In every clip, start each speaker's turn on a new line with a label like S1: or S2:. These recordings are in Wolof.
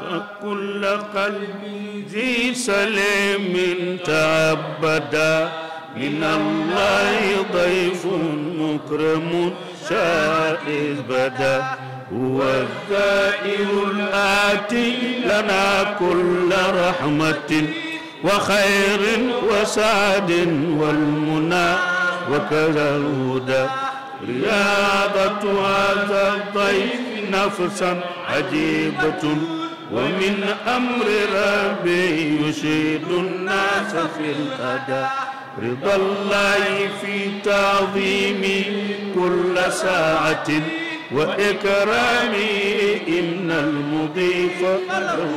S1: فكل قلب ذي سليم تعبدا من الله ضيف مكرم شائد بدا هو الدائر الآتي لنا كل رحمة وخير وسعد والمنى وكذا الهدى رياضة هذا الضيف نفسا عجيبة ومن أمر ربي يشهد الناس في الأداء رضا الله في تعظيمي كل ساعة وإكرامي إن المضيف له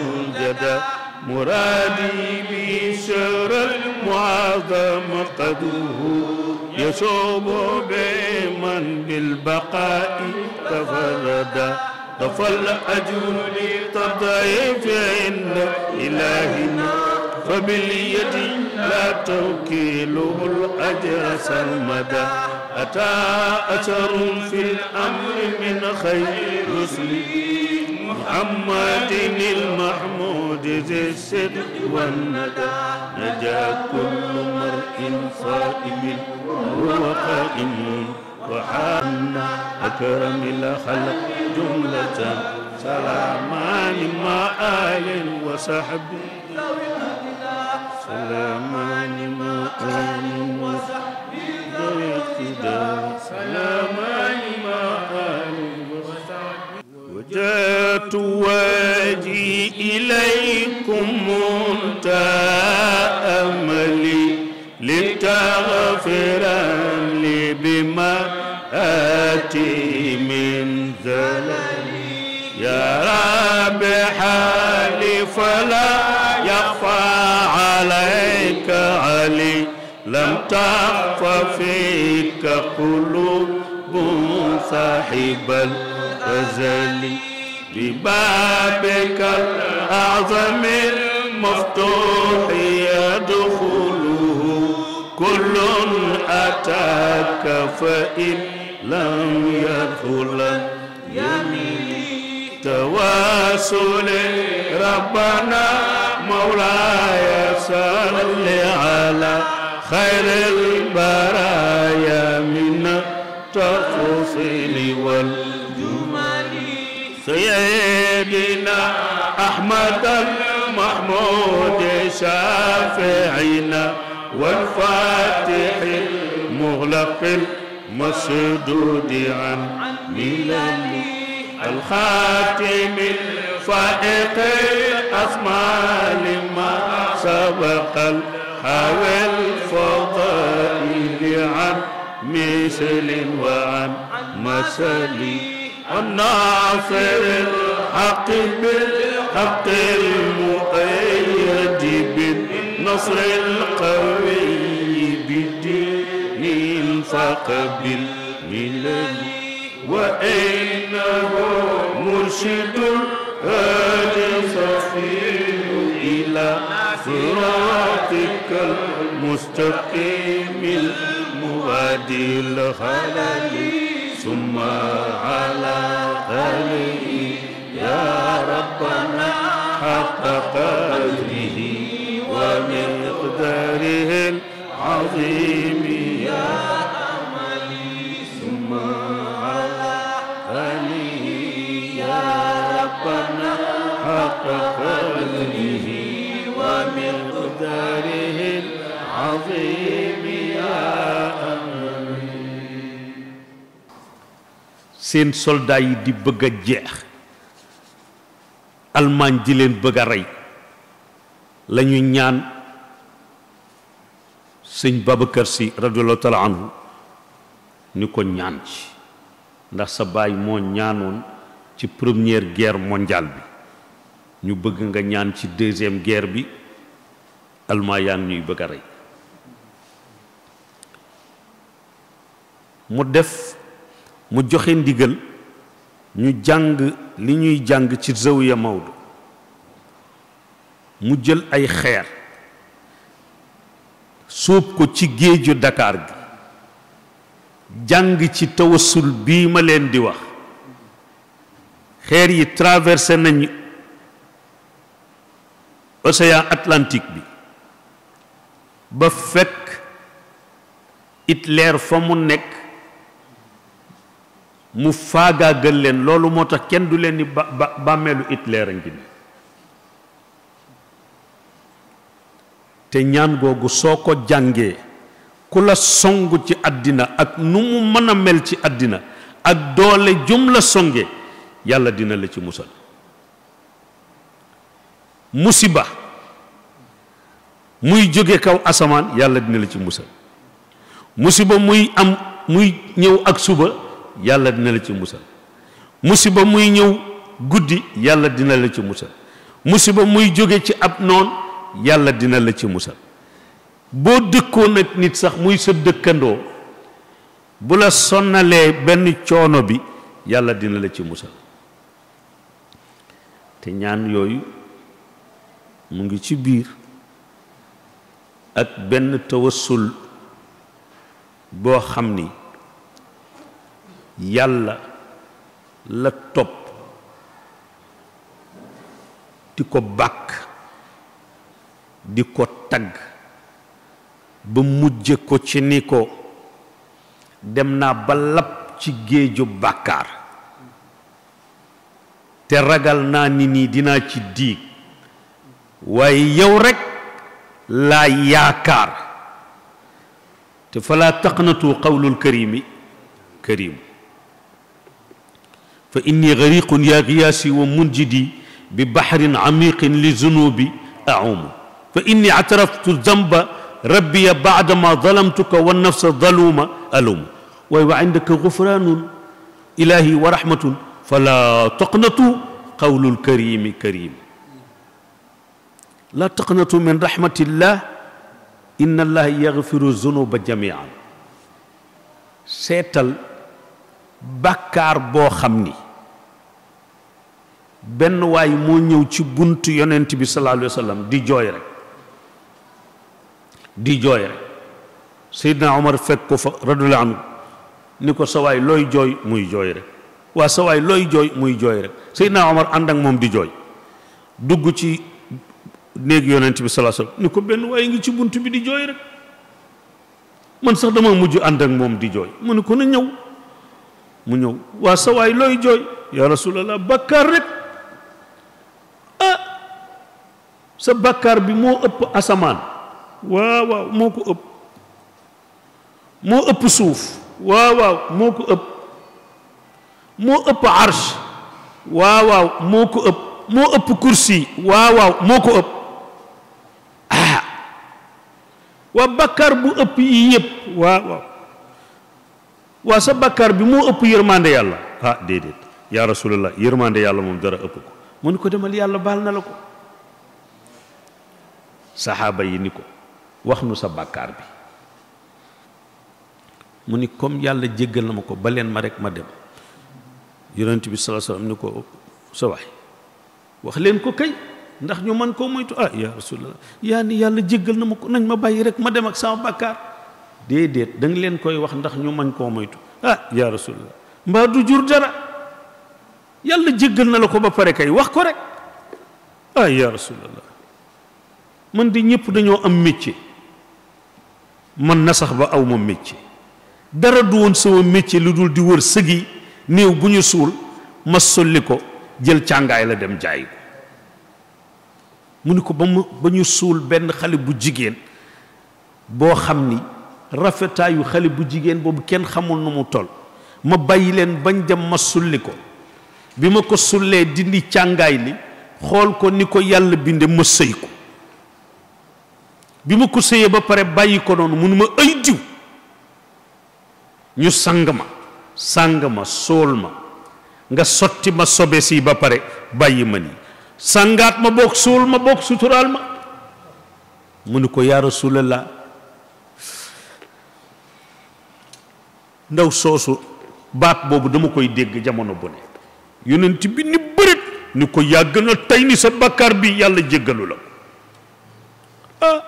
S1: جدا مرادي بشر المعظم قدوه يصوب بمن بالبقاء تفردا أجون لي طرفي عند إلهنا فباليد لا توكيله الأجر سلمدا أتى أثر في الأمر من خير رسل محمد المحمود ذي الصدق والندى نجا كل مرء صائم وهو قائم وحنا أكرم الخلق جملة عن ما آل وصحب عن ما آل وصحب سلام عن ما آل وصحب وجدت وجهي إليكم منتهى أملي لتغفرني فلا يخفى عليك علي لم تخف فيك قلوب صاحب الغزل ببابك الأعظم المفتوح يدخله كل أتاك فإن لم يدخل يمين تواصل ربنا مولاي صل على خير البرايا من التفاصيل والجمال سيدنا أحمد المحمود شافعنا والفاتح المغلق المسدود عن ملل الخاتم الفائق أسمى لما سبق الهوى الفضائل عن مثل وعن مثل الناصر الحق بالحق المؤيد بالنصر القوي بالدين فقبل الدين وإنه مرشد هادي صفي إلى صراطك المستقيم المهادي الخلل ثم على خليه يا ربنا حق قدره ومقداره العظيم يا وقدره ومقداره العظيم يا
S2: seen soldat yi di bëgg a jeex almaañ di leen bëgg a rey lañu ñaan sëñ babacar si radiallahu taala anhu ni ko ñaan ci ci première guerre mondiale bi ñu bëgg nga ñaan ci deuxième guerre bi almaa yaa ngi ñuy bëgg a rey mu def mu joxe ndigal ñu jàng li ñuy jàng ci zawiya Maodo mu jël ay xeer sóob ko ci géeju Dakar gi jàng ci tawasul bii ma leen di wax xeer yi traversé nañu océan Atlantique bi ba fekk Hitler fa mu nekk mu faagaagal leen loolu moo tax kenn du leen ni ba ba bàmmeelu Hitler a ngi te ñaan googu soo ko jàngee ku la song ci àddina ak nu mu mën mel ci àddina ak doole jum la songe yàlla dina la ci musal musiba muy jóge kaw asamaan yàlla dina la ci musal musiba muy am muy ñëw ak suba yàlla dina la ci musal musiba muy ñëw guddi yàlla dina la ci musa musiba muy jóge ci ab noon yàlla dina la ci musal boo dëkkoon ak nit sax muy sa dëkkandoo bu la sonnalee benn coono bi yàlla dina la ci musal te ñaan yooyu mu ngi ci biir ak benn tawassul boo xam ni yàlla la topp di ko bàkk di ko tagg ba mujje ko ci ni ko dem naa ba lab ci géeju bàkkaar te ragal naa ni nii ci diig waaye yow rek laa yaakaar te falaa taqnatu qawlul karimi karimu fa inni gariqun yaa giyaasi wa munjidi bi baxrin camiqin li zunubi acuumu fa inni actaraftu damba rabbiya bacdama dalamtuka wannafsa daluuma aluumu waaye wa cindaka gufraanun ilaahi wa raxmatun falaa taqnatu qawlul karimi karimu لا تقنطوا من رحمة الله إن الله يغفر الذنوب جميعا seetal bàkkaar boo xam ni benn waay moo ñëw ci buntu yonent bi sallallahu alayhi wa sallam di jooy rek di jooy rek Seydina Omar fekk ko fa radiyallahu anhu ni ko sa waay looy jooy muy jooy rek waa sa waay looy jooy muy jooy rek Seydina Omar ànd ak moom di jooy dugg ci neeg yonent bi salaa sallam ni ko ben way nga ci buntu bi di joy rek man sax dama muju and ak mom di joy mu ne ko na ñew mu ñew wa sa waay looy ya Rasulullah. bakkar rek ah sa bakkar bi mo upp asaman wa wa moko upp mo upp suuf wa wa moko upp mo upp arsh wa wa moko upp mo upp kursi wa wa moko upp waa bàkkaar bu ëpp yi yëpp waa waa sa bàkkaar bi moo ëpp yërmande yàlla ah déedéet yaa rasulallah yërmande yàlla moom dara ëpp ko mu ni ko demal yàlla baal na la ko saxaaba yi ni ko wax nu sa bàkkaar bi mu ni comme yàlla jéggal na ma ko ba leen ma rek ma dem yonent bi ko sa waay wax leen ko kay ndax ñu man ko moytu ah ya rasulullah ya ni yalla jéggal na mako nañ ma bayyi rek ma dem ak sama bakkar dedet da nga leen koy wax ndax ñu man ko moytu ah ya rasulullah mba du jur dara yalla jéggal na la ko ba paré kay wax ko rek ah ya rasulullah man di ñepp dañoo am métier man na sax ba aw mo métier dara du won sama métier lu dul di wër neew buñu sul ma soliko jël la dem jaay ko mu ni ko ba mu ba ñu suul benn xale bu jigéen boo xam ni rafetaayu xale bu jigéen boobu kenn xamul nu mu toll ma bàyyi leen bañ dem ma sulli ko bi ma ko sullee dindi càngaay li xool ko ni ko yàlla binde ma sëy ko bi ma ko sëyee ba pare bàyyi ko noonu munu ma ay diw ñu sang ma sang ma sool ma nga sotti ma sobe si ba pare bàyyi ma nii sangaat ma bokk suul ma bokk suturaal ma mu ni ko yaa rasulallah ndaw soosu baat boobu dama koy dégg jamono bu ne yonent bi ni bërit ni ko yàgg na tey ni sa bakkaar bi yàlla jéggalu la ah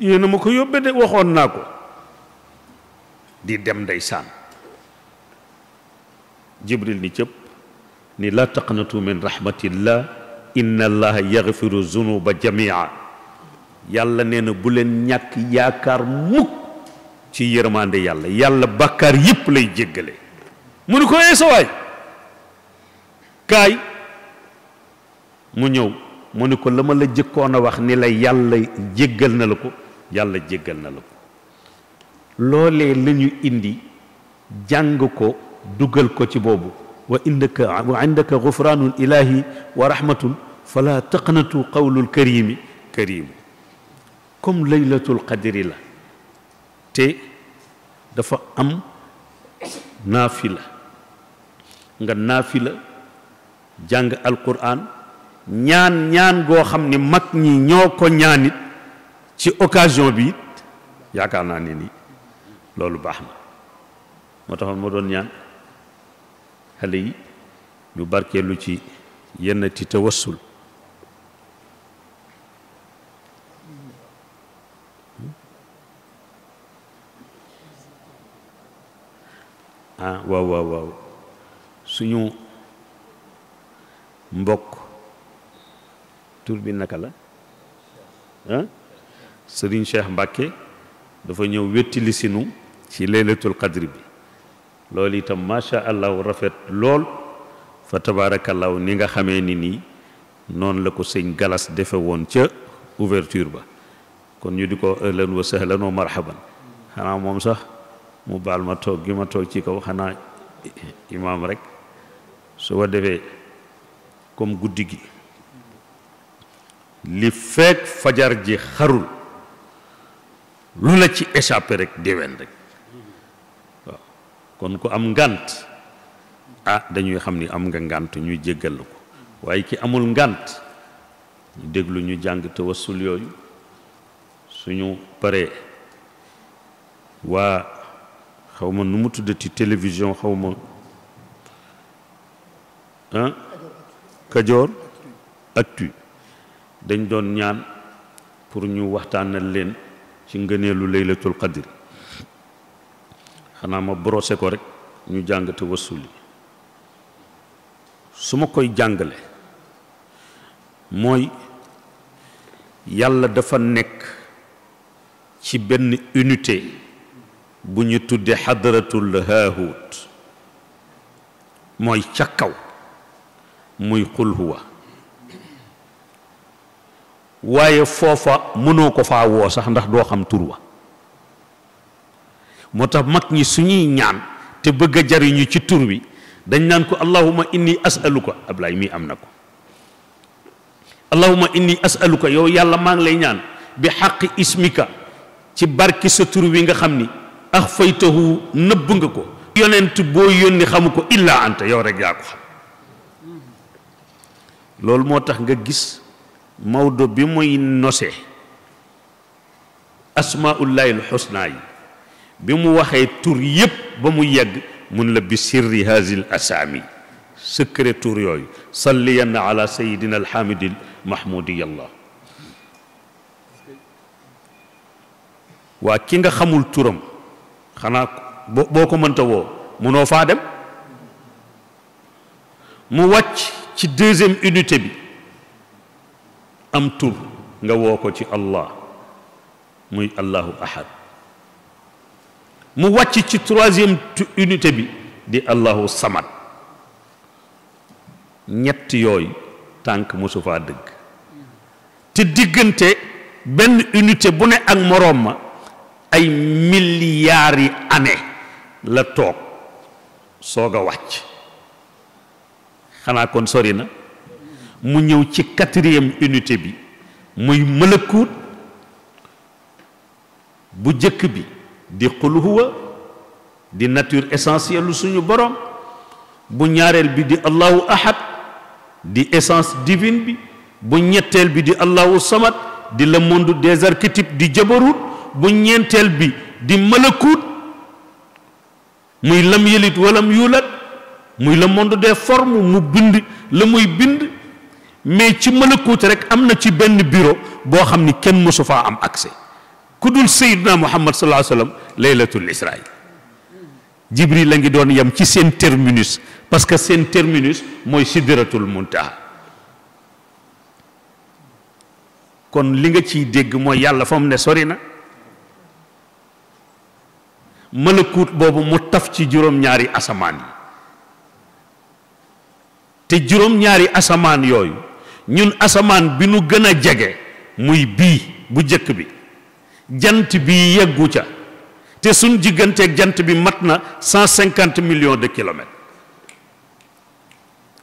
S2: yéena ma ko yóbbe de waxoon naa ko di dem ndeysaan jibril ni cëpp ni laa taqnatu min rahmatillah inna allaha yaxfiru zunuba jamia yàlla nee na buleen leen ñàkk yaakaar mukk ci yërmande yàlla yàlla bàkkaar yépp lay jéggale mu ni ko ee eh, sawaay kaay mu ñëw mu ni ko la ma la jëkkoon wax ni la yàlla jéggal na la ko yàlla jéggal na la ko loolee la indi jàng ko dugal ko ci boobu وإنك وعندك غفران إلهي ورحمة فلا تقنط قول الكريم كريم كم ليلة القدر لا تي دفا أم نافلة نغا نافلة جانغ القرآن نيان نيان غو خمني مكني نيو نيانيت تي أوكازيون بيت يا كانا نيني لولو باخنا موتاخون نيان xale yi ñu barkeelu ci yenn ti tawassul ah waaw waaw waaw suñu mbokk tur bi naka la sëriñ Serigne Cheikh Mbacke dafa ñëw wettili sinu ci laylatul qadri bi لولي تم ما شاء الله ورفت لول فتبارك الله نيغا خامي ني ني نون لاكو سيغ غلاس ديفوون تي اوفرتور با كون ني ديكو اهلن وسهلن ومرحبا خانا موم صاح مو بال ما توك جيما توك تي كو خانا امام رك سو ديفي كوم غوديغي لي فك فجر جي خرول لولا تي اشابي رك ديوين رك kon ko am ngànt ah dañuy xam ni am nga ngànt ñu jéggal la ko waaye ki amul ngànt déglu ñu jàng tawassul yooyu suñu paree waa xaw ma nu mu tuddati télévision xaw ma ah, Kajoor Actu dañ doon ñaan pour ñu waxtaanal leen ci ngëneelu laylatul qadr xanaa ma brosé ko rekk ñu jàng tawassul yi su ma koy jàngale mooy yàlla dafa nekk ci benn unité bu ñu tudde xadratul haahut mooy ca kaw muy xul huwa waaye foofa mënoo ko faa woo sax ndax doo xam tur wa motax mag ñi suñuy ñaan te bëgg jariñu ci tour wi dañ nan ko allahumma inni as'aluka ablay mi am nako allahumma inni as'aluka yow yalla ma ngi lay ñaan bi haqqi ismika ci barki sa tour wi nga xamni akhfaytahu neub nga ko yonent bo yoni xamuko illa anta yow rek ya ko xam lol motax nga gis mawdo bi moy nosé asma'ul lail husna bi mu waxee tur yépp ba mu yegg mun la bi sirri haasi l asaami secret tur yooyu salliyan ala sayidina alhamidi mahmudi yallah waa ki nga xamul turam xanaa boo ko mënta woo mënoo faa dem mu wàcc ci deuxième unité bi am tur nga woo ko ci allah muy allahu ahad mu wàcc ci troisième unité bi di allahu samad ñett yooyu tànk mosu faa dëgg te diggante benn unité bu ne ak moroom ma ay milliards yi année la toog soog a wàcc xanaa kon sori na mu ñëw ci quatrième unité bi muy mëlëkuut bu jëkk bi di xul di nature essentielle suñu borom bu ñaareel bi di allahu ahad di essence divine bi bu ñetteel bi di allahu samad di le monde des di jabarut bu ñeenteel bi di malakut muy lam yelit walam yulat muy le monde des mu bind la muy bind mais ci malakut rek am na ci benn bureau boo xam ni kenn mësu faa am accès kudul sayyidina muhammad sallallahu Alaihi wasallam laylatul isra jibril la ngi doon yam ci sen terminus parce que sen terminus moy sidratul muntaha kon li nga ci deg moy yalla fam ne sori na malakut bobu mu taf ci jurom ñaari asaman te jurom ñaari asaman yooyu ñun asaman bi nu muy bi bu jëk bi jant bi yeggu ca te suñ digganteeg jant bi mat na cent cinquante millions de kilomètres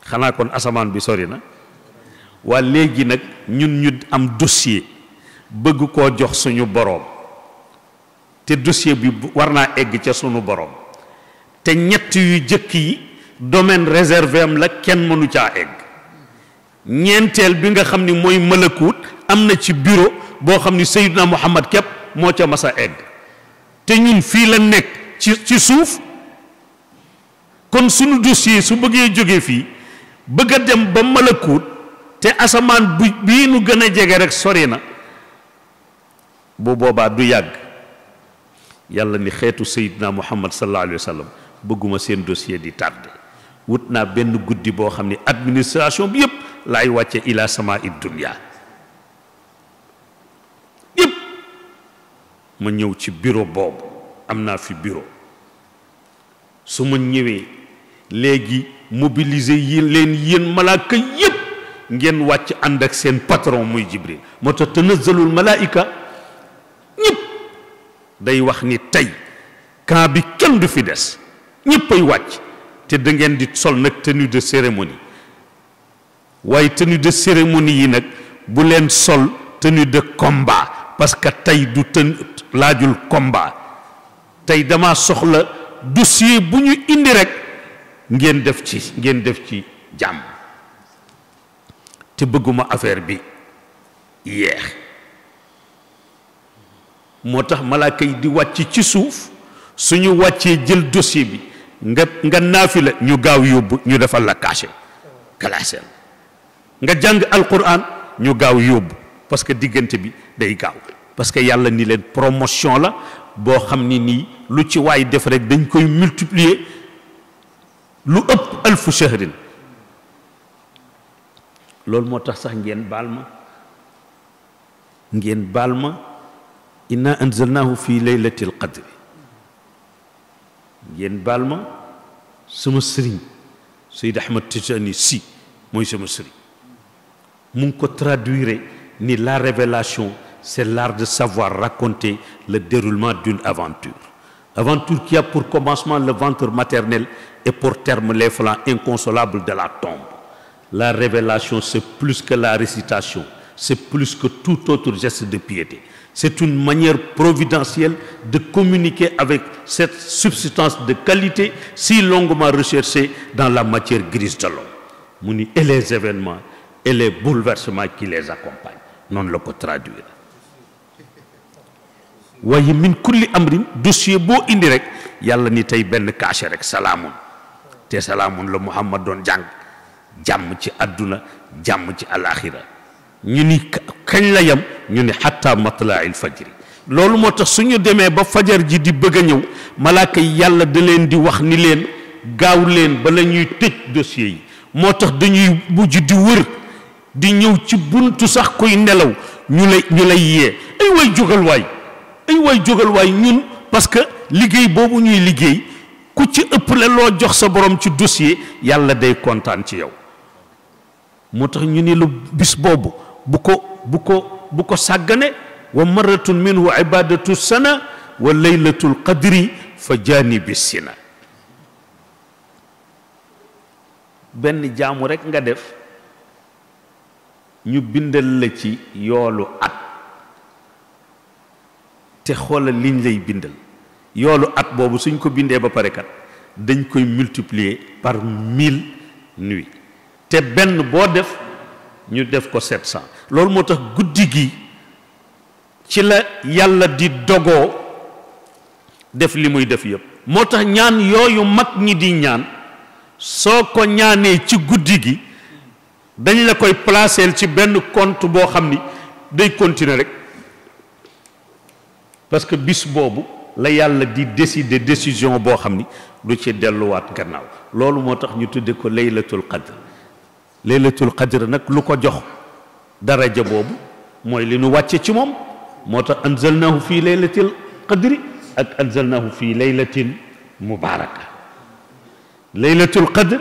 S2: xanaa kon asamaan bi sori na waa léegi nag ñun ñu am dossier bëgg koo jox suñu boroom te dossier bi war naa egg ca suñu boroom te ñett yu jëkk yi domaine réservé am la kenn mënu caa egg ñeenteel bi nga xam ni mooy mëlakuut am na ci bureau boo xam ni Seydina Muhammad képp moo ca mas a egg te ñun fii la nekk ci ci suuf kon suñu dossier su bëggee jóge fii bëgg a dem ba malakuut te asamaan bu bii nu gën a jege rek sori na bu boobaa du yàgg yàlla ni xeetu na muhammad sallallahu alayhi wa sallam bëgguma seen dossier di tardé wut naa benn guddi boo xam ne administration bi yëpp laay wàcce illa sama id dunia ma ñëw ci bureau boobu am naa fi bureau su ma ñëwee léegi mobiliser yi leen yéen malaaka yépp ngeen wàcc ànd ak seen patron muy jibril moo tax tanazzalul malaayika ñëpp day wax ni tey camp bi kenn du fi des ñëpp ay wàcc te da ngeen di sol nag tenue de cérémonie waaye tenue de cérémonie yi nag bu leen sol tenue de combat parce que tay du tën lajul combat tay dama soxla dossier buñu indi rek ngeen def ci ngeen def ci jam te bëgguma affaire bi yeex motax tax malaaka di wacc ci suuf suñu wàccee jël dossier bi nga nga naafi ñu gaaw yobbu ñu defal la caché classé nga jang alquran ñu gaaw yobbu parce que digënté bi day gaaw parce que yalla ni len promotion la bo xamni ni lu ci way def rek koy multiplier lu upp alf shahrin lol motax sax ngeen balma ngeen inna anzalnahu fi laylatil qadr ngeen balma suma si ko traduire ni la révélation c'est l'art de savoir raconter le déroulement d'une aventure. Aventure qui a pour commencement le ventre maternel et pour terme les flancs inconsolables de la tombe. La révélation, c'est plus que la récitation, c'est plus que tout autre geste de piété. C'est une manière providentielle de communiquer avec cette substance de qualité si longuement recherchée dans la matière grise de l'homme. Et les événements et les bouleversements qui les accompagnent. Non, le peut traduire. waaye min kulli amrin dossier bo indi rek yalla ni tay salamun kaase rek salamun te salamun la muhammad don jang jam ci aduna jam ci alakhirah ñu ni kagn la yam ñu ni hatta matlail fajri loolu moo tax suñu demee ba fajar ji di bëgg ñew ñëw malaaka yàlla da leen di wax ni leen gaaw leen ba lañuy tejj dossier yi motax dañuy mujj di wër di ñew ci buntu sax koy nelaw ñu lay ñu lay yé ay way jugal way ay waay jógal waay ñun parce que liggéey boobu ñuy liggéey ku ci ëpp la loo jox sa borom ci dossier yàlla day kontaan ci yow moo tax ñu ni lu bis boobu bu ko bu ko bu ko sàggane wa maratun minhu ibadatu sana wa laylatul qadri fa janibi sina benn jaamu rekk nga def ñu bindal la ci yoolu at te xoolal liñ lay bindal yoolu at boobu suñ ko bindee ba pare kat dañ koy multiplier par mille nuits te benn boo def ñu def ko sept cent loolu moo tax guddi gi ci la yàlla di dogoo def li muy def yépp moo tax ñaan yooyu mag ñi di ñaan soo ko ñaanee ci guddi gi dañ la koy placer ci benn compte boo xam ni day continuer rek parce que bis bobu la yàlla di décider décision bo xamni lu ci wat gannaaw lolou motax ñu tudde ko laylatul qadr laylatul qadr nak lu ko jox daraja bobu moy li nu wàcce ci mom motax anzalnahu fi laylatil qadri ak anzalnahu fi laylatin mubaraka laylatul qadr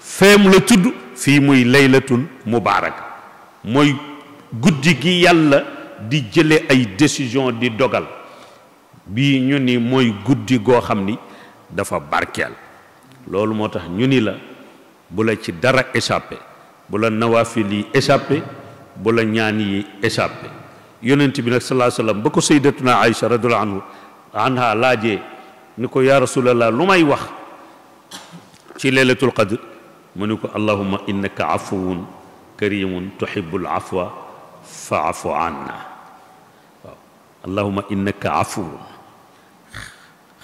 S2: fem la tudd fi muy laylatun mubaraka moy guddigi yàlla di jële ay décision di dogal bii ñu ni mooy guddi goo xam ni dafa barkeel loolu moo tax ñu ni la bu la ci dara échappé bu la nawaafil yi échappé bu la ñaan yi échappé yonent bi nag salaa sallam ba ko sayyidatuna Aïcha radiyallahu anhu anha ni ko yaa lu may wax ci leylatul qadr mu ni ko allahumma innaka afuwun karimun tuhibbul afwa fa afu anna allahuma innaka afuwun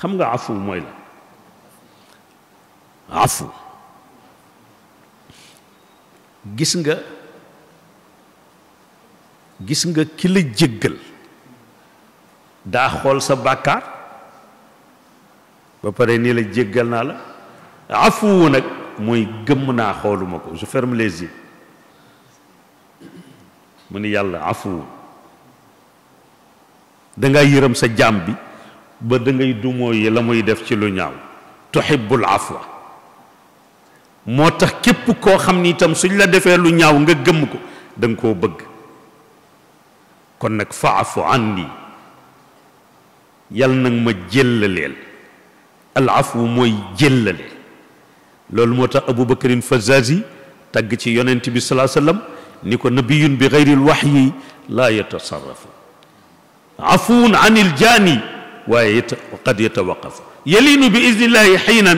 S2: xam nga afu mooy la afu gis nga gis nga ki la jéggal daa xool sa bàkkaar ba pare nii la jéggal naa la afu nag mooy gëmm naa xooluma ko je ferme les mu ni yàlla afu da yërëm sa jaam bi ba da ngay dumóoyi la muy def ci lu ñaaw tuhibbul afwa moo tax képp koo xam ni itam suñ la defee lu ñaaw nga gëmm ko danga koo bëgg kon nag faafu anni yal nag ma jéllaleel al afwu mooy jëllale loolu moo tax abu bakarin fazazi tagg ci yonent bi salaa sallam ni ko nabiyun bi wax yi laa yatasarrafu عفو عن الجاني وقد يتوقف يلين بإذن الله حينا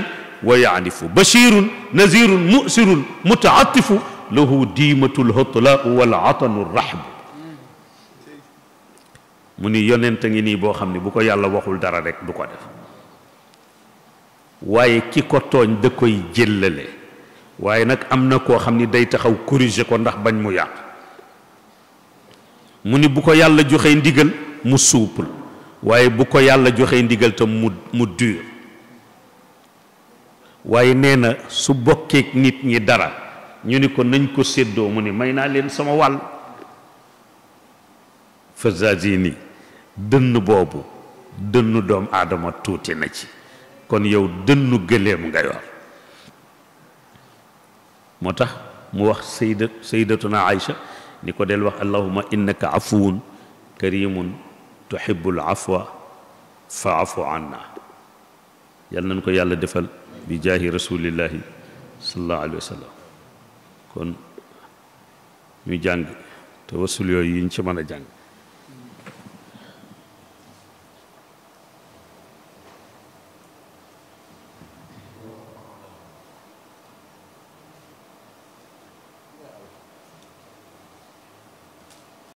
S2: ويعنف بشير نذير مؤسر متعطف له ديمة الهطلاء والعطن الرحب مني يوننتي ني بو خامني بوكو يالا واخول دارا ريك دوكو ديف واي كيكو توغ داكاي جيلالي واي نك امنا كو خامني داي تخاو كوريجي كو نده باج مو ياق مني بوكو يالا جوخاي ديغال mu souple waaye bu ko yàlla joxee ndigal tam mu mu dur waaye nee na su bokkeek nit ñi dara ñu ni ko nañ ko seddoo mu ne may naa leen sama wàll fasagini dënn boobu dënn doom aadama tuuti na ci kon yow dënnu gëléem nga moo tax mu wax sayyidat sayyidatuna Aïcha ni ko del wax allahuma innaka afuwun karimun تحب العفو فاعف عنا يالا نكو يالا ديفال بجاه رسول الله صلى الله عليه وسلم كون ني جانغ توسل يوي ني سي مانا جانغ